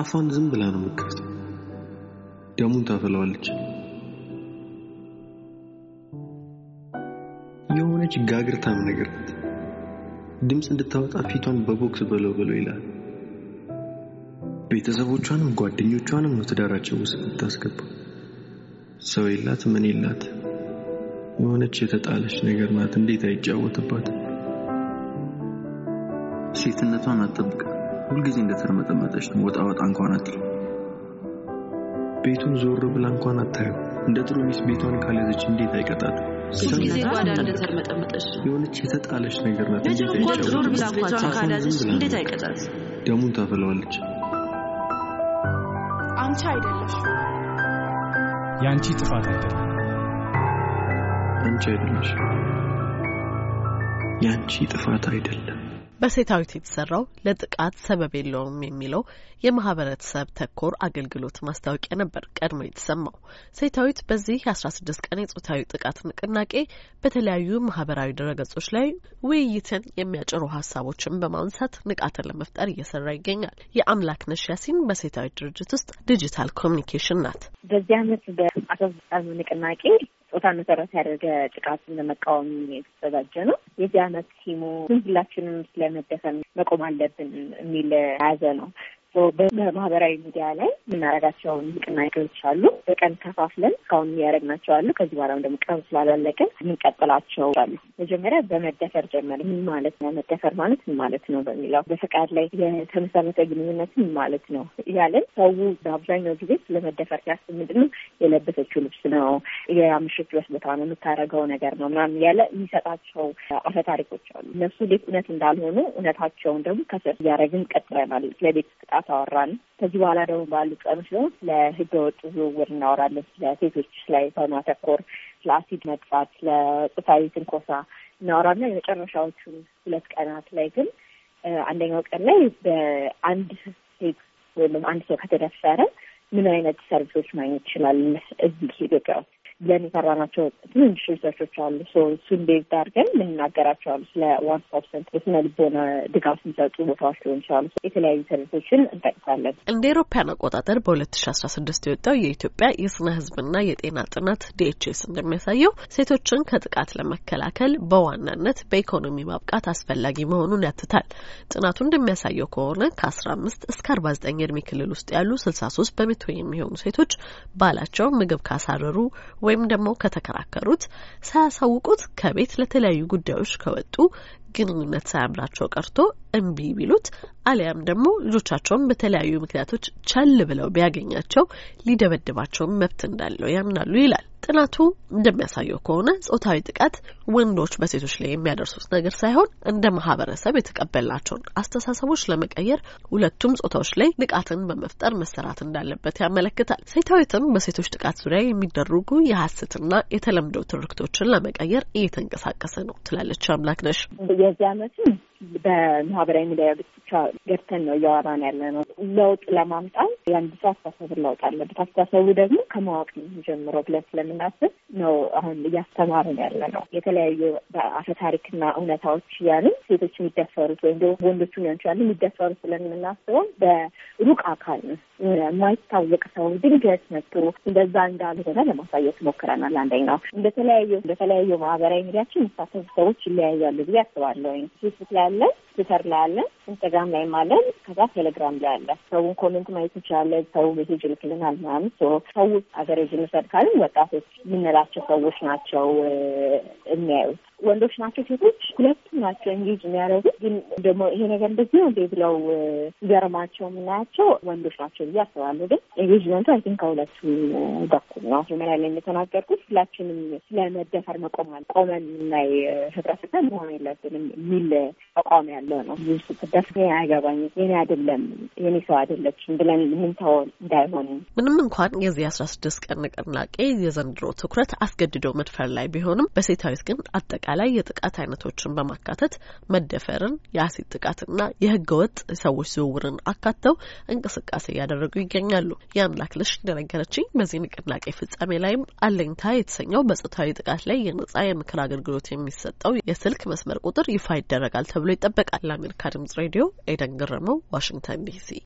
አፏን ዝም ብላ ነው የምትከፍተው። ደሙን ታፈለዋለች። የሆነች ጋግርታም ነገር ናት። ድምፅ እንድታወጣ ፊቷን በቦክስ በለው በለው ይላል። ቤተሰቦቿንም ጓደኞቿንም ነው ትዳራቸው ውስጥ የምታስገባ። ሰው የላት ምን የላት የሆነች የተጣለች ነገር ናት። እንዴት አይጫወትባት? ሴትነቷን አጠብቃ ሁልጊዜ እንደተርመጠመጠች ነው። ወጣ ወጣ እንኳን አትል ቤቱን ዞር ብላ እንኳን አታዩ እንደ ጥሩ ሚስ ቤቷን ካልያዘች እንዴት አይቀጣት? የሆነች የተጣለች ነገር ደሙን ታፈለዋለች። አንቺ አይደለሽ፣ የአንቺ ጥፋት አይደለም። አንቺ አይደለሽ፣ የአንቺ ጥፋት አይደለም። በሴታዊት የተሰራው ለጥቃት ሰበብ የለውም የሚለው የማህበረተሰብ ተኮር አገልግሎት ማስታወቂያ ነበር ቀድሞ የተሰማው። ሴታዊት በዚህ የአስራ ስድስት ቀን የጾታዊ ጥቃት ንቅናቄ በተለያዩ ማህበራዊ ድረገጾች ላይ ውይይትን የሚያጭሩ ሀሳቦችን በማንሳት ንቃትን ለመፍጠር እየሰራ ይገኛል። የአምላክ ነሽ ያሲን በሴታዊት ድርጅት ውስጥ ዲጂታል ኮሚኒኬሽን ናት። በዚህ አመት በአስራ ስድስት ቀን ንቅናቄ ጾታን መሰረት ያደረገ ጥቃትን ለመቃወም የተዘጋጀ ነው። የዚህ አመት ሲሙ ሁላችንም ስለመደፈም መቆም አለብን የሚል የያዘ ነው። በማህበራዊ ሚዲያ ላይ የምናደርጋቸው ንቅናቄዎች አሉ። በቀን ከፋፍለን እስካሁን እያደረግናቸው አሉ። ከዚህ በኋላም ደግሞ ቀን ስላላለቅን የምንቀጥላቸው አሉ። መጀመሪያ በመደፈር ጀመር። ምን ማለት ነው መደፈር ማለት ምን ማለት ነው በሚለው በፈቃድ ላይ የተመሰረተ ግንኙነት ምን ማለት ነው እያለን ሰው በአብዛኛው ጊዜ ስለመደፈር ሲያስብ ነው የለበሰችው ልብስ ነው፣ የምሽት ድረስ ቦታ ነው፣ የምታደርገው ነገር ነው ምናምን እያለ የሚሰጣቸው አፈታሪኮች አሉ። እነሱ እንዴት እውነት እንዳልሆኑ እውነታቸውን ደግሞ ከስር እያደረግን ቀጥለናል። ለቤት ሰዓት አወራን። ከዚህ በኋላ ደግሞ ባሉ ቀኖች ደግሞ ስለ ህገወጥ ዝውውር እናወራለን። ስለ ሴቶች ላይ በማተኮር ለአሲድ መጥፋት፣ ለጾታዊ ትንኮሳ እናወራና የመጨረሻዎቹን ሁለት ቀናት ላይ ግን አንደኛው ቀን ላይ በአንድ ሴት ወይም አንድ ሰው ከተደፈረ ምን አይነት ሰርቪሶች ማግኘት ይችላል እዚህ ኢትዮጵያ ብለን የሰራናቸው ትንንሽ ሪሰርቾች አሉ። እሱን ቤዝ አድርገን የምንናገራቸው አሉ። ስለ ዋን ስቶፕ ሴንተር የስነ ልቦና ድጋፍ ሲሰጡ ቦታዎች ሊሆን ይችላሉ። የተለያዩ ሰርቪሶችን እንጠቅሳለን። እንደ ኤሮፓያን አቆጣጠር በሁለት ሺ አስራ ስድስት የወጣው የኢትዮጵያ የስነ ህዝብና የጤና ጥናት ዲኤችኤስ እንደሚያሳየው ሴቶችን ከጥቃት ለመከላከል በዋናነት በኢኮኖሚ ማብቃት አስፈላጊ መሆኑን ያትታል። ጥናቱ እንደሚያሳየው ከሆነ ከአስራ አምስት እስከ አርባ ዘጠኝ እድሜ ክልል ውስጥ ያሉ ስልሳ ሶስት በመቶ የሚሆኑ ሴቶች ባላቸው ምግብ ካሳረሩ ወይም ደግሞ ከተከራከሩት ሳያሳውቁት ከቤት ለተለያዩ ጉዳዮች ከወጡ ግንኙነት ሳያምራቸው ቀርቶ እምቢ ቢሉት አሊያም ደግሞ ልጆቻቸውን በተለያዩ ምክንያቶች ቸል ብለው ቢያገኛቸው ሊደበድባቸውም መብት እንዳለው ያምናሉ ይላል። ጥናቱ እንደሚያሳየው ከሆነ ጾታዊ ጥቃት ወንዶች በሴቶች ላይ የሚያደርሱት ነገር ሳይሆን እንደ ማህበረሰብ የተቀበልናቸውን አስተሳሰቦች ለመቀየር ሁለቱም ጾታዎች ላይ ንቃትን በመፍጠር መሰራት እንዳለበት ያመለክታል። ሴታዊትም በሴቶች ጥቃት ዙሪያ የሚደረጉ የሀሰትና የተለምዶ ትርክቶችን ለመቀየር እየተንቀሳቀሰ ነው ትላለች አምላክ ነሽ። የዚህ አመትም በማህበራዊ ሚዲያ ብቻ ገብተን ነው እያወራን ያለ ነው። ለውጥ ለማምጣት የአንድ ሰው አስተሳሰብ ለውጥ አለበት። አስተሳሰቡ ደግሞ ከማወቅ ነው የሚጀምረው ብለን እንድናስብ ነው አሁን እያስተማርን ያለ ነው። የተለያዩ በአፈ ታሪክና እውነታዎች ያንን ሴቶች የሚደፈሩት ወይም ደግሞ ወንዶቹ ሊሆን ይችላሉ የሚደፈሩት ስለምናስበው ሩቅ አካል የማይታወቅ ሰው ድንገት መጥቶ እንደዛ እንዳልሆነ ለማሳየት ሞክረናል። አንደኛው እንደተለያየ እንደተለያየ ማህበራዊ ሚዲያችን መሳተፉ ሰዎች ይለያያሉ ብዬ አስባለሁ። ፌስቡክ ላይ አለ፣ ትዊተር ላይ አለ፣ ኢንስታግራም ላይም አለን፣ ከዛ ቴሌግራም ላይ አለ። ሰውን ኮሜንት ማየት እንችላለን። ሰው ሜሴጅ ልክልናል ምናምን ሰው አገሬጅ እንውሰድ ወጣቶች የምንላቸው ሰዎች ናቸው የሚያዩት ወንዶች ናቸው ሴቶች ሁለቱም ናቸው እንጌጅ የሚያደርጉት። ግን ደግሞ ይሄ ነገር እንደዚህ ነው እንዴ ብለው ገርማቸው የምናያቸው ወንዶች ናቸው ብዬ አስባለሁ። ግን ኤንጌጅመንቱ አይ ቲንክ ከሁለቱም በኩል ነው። መጀመሪያ ላይ የተናገርኩት ሁላችንም ስለመደፈር መቆማል ቆመን የምናይ ህብረተሰብ መሆን የለብንም የሚል አቋም ያለው ነው። ስደፍ አይገባኝ የኔ አይደለም፣ የኔ ሰው አይደለችም ብለን የምንተወው እንዳይሆን ምንም እንኳን የዚህ አስራ ስድስት ቀን ንቅናቄ የዘንድሮ ትኩረት አስገድዶ መድፈር ላይ ቢሆንም በሴታዊት ግን አጠቃ አጠቃላይ የጥቃት አይነቶችን በማካተት መደፈርን፣ የአሲድ ጥቃትና የህገ ወጥ ሰዎች ዝውውርን አካተው እንቅስቃሴ እያደረጉ ይገኛሉ። የአምላክ ልሽ እንደነገረችኝ በዚህ ንቅናቄ ፍጻሜ ላይም አለኝታ የተሰኘው በጾታዊ ጥቃት ላይ የነጻ የምክር አገልግሎት የሚሰጠው የስልክ መስመር ቁጥር ይፋ ይደረጋል ተብሎ ይጠበቃል። ለአሜሪካ ድምጽ ሬዲዮ ኤደን ገረመው፣ ዋሽንግተን ዲሲ